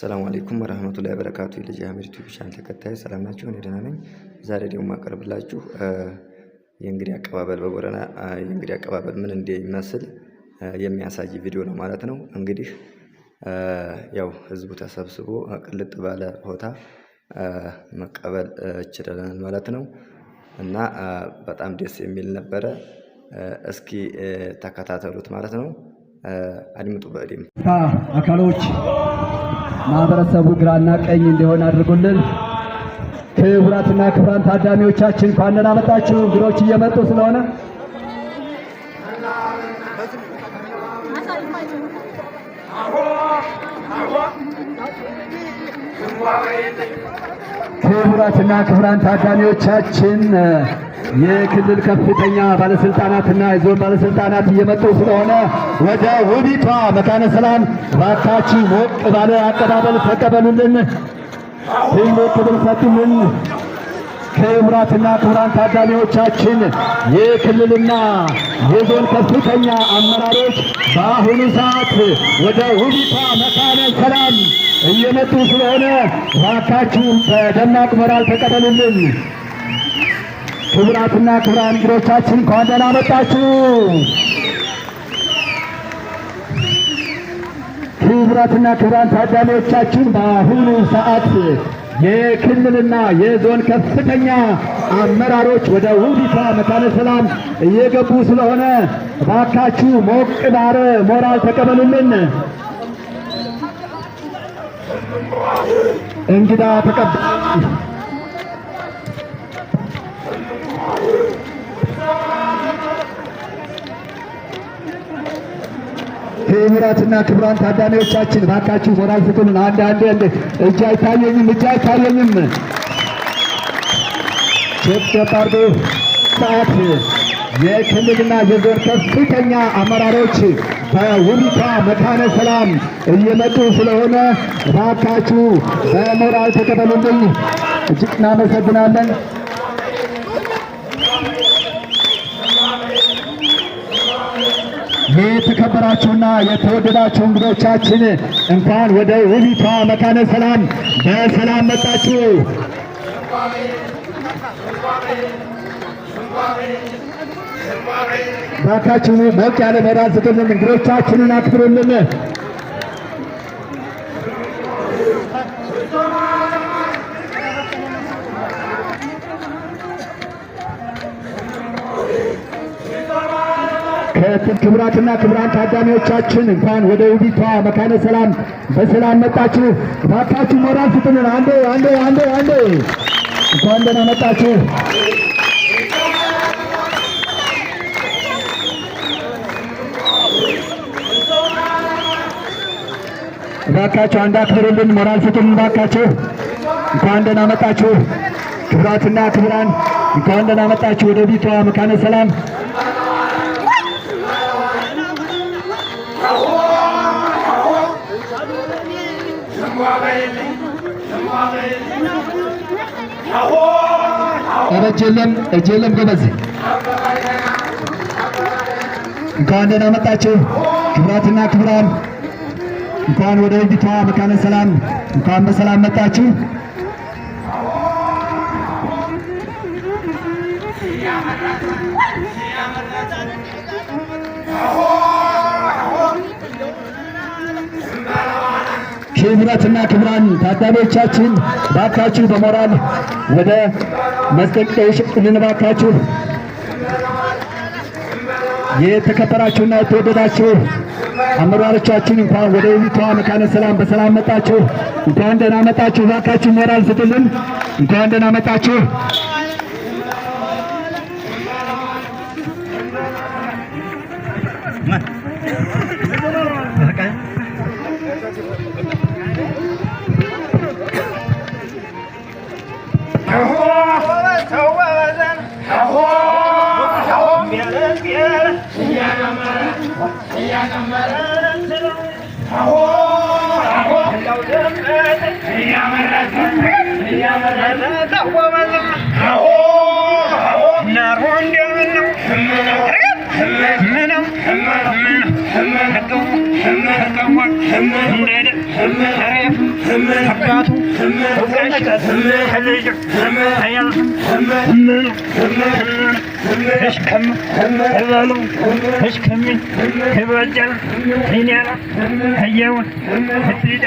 ሰላም አለይኩም ወራህመቱላሂ ወበረካቱ። የልጅ አሚር ዩቲዩብ ቻናል ተከታይ ሰላም ናችሁ? እኔ ደህና ነኝ። ዛሬ ደግሞ ማቀርብላችሁ የእንግዳ አቀባበል በቦረና የእንግዳ አቀባበል ምን እንደሚመስል የሚያሳይ ቪዲዮ ነው ማለት ነው። እንግዲህ ያው ህዝቡ ተሰብስቦ ቅልጥ ባለ ቦታ መቀበል ችለናል ማለት ነው እና በጣም ደስ የሚል ነበረ። እስኪ ተከታተሉት ማለት ነው። አድምጡ በእዲም አካሎች ማህበረሰቡ ግራና ቀኝ እንዲሆን አድርጉልን። ክቡራትና ክቡራን ታዳሚዎቻችን እንኳን ደህና መጣችሁ። እንግዶች እየመጡ ስለሆነ ክቡራትና ክቡራን ታዳሚዎቻችን የክልል ከፍተኛ ባለስልጣናትና የዞን ባለስልጣናት እየመጡ ስለሆነ ወደ ውቢቷ መካነ ሰላም ባካችሁ ሞቅ ባለ አቀባበል ተቀበሉልን፣ ትልቅ ክብር ሰጡልን። ክቡራትና ክቡራን ታዳሚዎቻችን የክልልና የዞን ከፍተኛ አመራሮች በአሁኑ ሰዓት ወደ ውቢቷ መካነ ሰላም እየመጡ ስለሆነ እባካችሁ በደማቅ ሞራል ተቀበሉልን። ክቡራትና ክቡራን እንግዶቻችን እንኳን ደህና መጣችሁ። ክቡራትና ክቡራን ታዳሚዎቻችን በአሁኑ ሰዓት የክልልና የዞን ከፍተኛ አመራሮች ወደ ውዲታ መካነ ሰላም እየገቡ ስለሆነ ባካችሁ ሞቅ ባረ ሞራል ተቀበሉልን። እንግዳ ተቀበሉ። ክቡራትና ክቡራን ታዳሚዎቻችን ባካችሁ አንድ አንድ አንዳንዴ እጅ አይታየኝም፣ እጅ አይታየኝም። ሼክ ደባርዶ ሰዓት የክልልና የዞን ከፍተኛ አመራሮች በውቢቷ መካነ ሰላም እየመጡ ስለሆነ ባካችሁ በሞራል ተቀበሉልኝ። እጅግ እናመሰግናለን። የተከበራችሁና የተወደዳችሁ እንግዶቻችን እንኳን ወደ ውቢቷ መካነ ሰላም በሰላም መጣችሁ። ባካችሁ ሞቅ ያለ መራ እንግዶቻችንን አክብሩልን። ክቡራትና ክቡራን ታዳሚዎቻችን እንኳን ወደ ውቢቷ መካነ ሰላም በሰላም መጣችሁ። ባካችሁ ሞራል ስጡንን። አንዴ አንዴ አንዴ አንዴ እንኳን ደህና መጣችሁ። ባካችሁ አንድ አክብሩልን፣ ሞራል ስጡን ባካችሁ። እንኳን ደህና መጣችሁ ክቡራትና ክቡራን፣ እንኳን ደህና መጣችሁ ወደ ውቢቷ መካነ ሰላም እጅ የለም እጅ የለም። ጎበዝ እንኳን ደህና መጣችሁ። ክብራትና ክብራን እንኳን ወደ ውዲቷ መካነ ሰላም እንኳን በሰላም መጣችሁ። ክብራትና ክብራን ታዳሚዎቻችን ባካችሁ በሞራል ወደ መስጠቀው ሽቅልን የተከበራችሁና የተወደዳችሁ አመራሮቻችን እንኳን ወደ ውቢቷ መካነ ሰላም በሰላም መጣችሁ። እንኳን ደህና መጣችሁ። ባካችሁ ሞራል ስጥልን። እንኳን ደህና መጣችሁ። እያጨመርን አዎ አዎ እንደው ድምፅ እያመረትን እያመረትን አወበዛ አዎ አዎ ናሮ እንደምን ነው ምነው ምነው ህሽከም ህበሉ ህሽከሚ ህበጀል ሂንያና ህየውን ህዲደ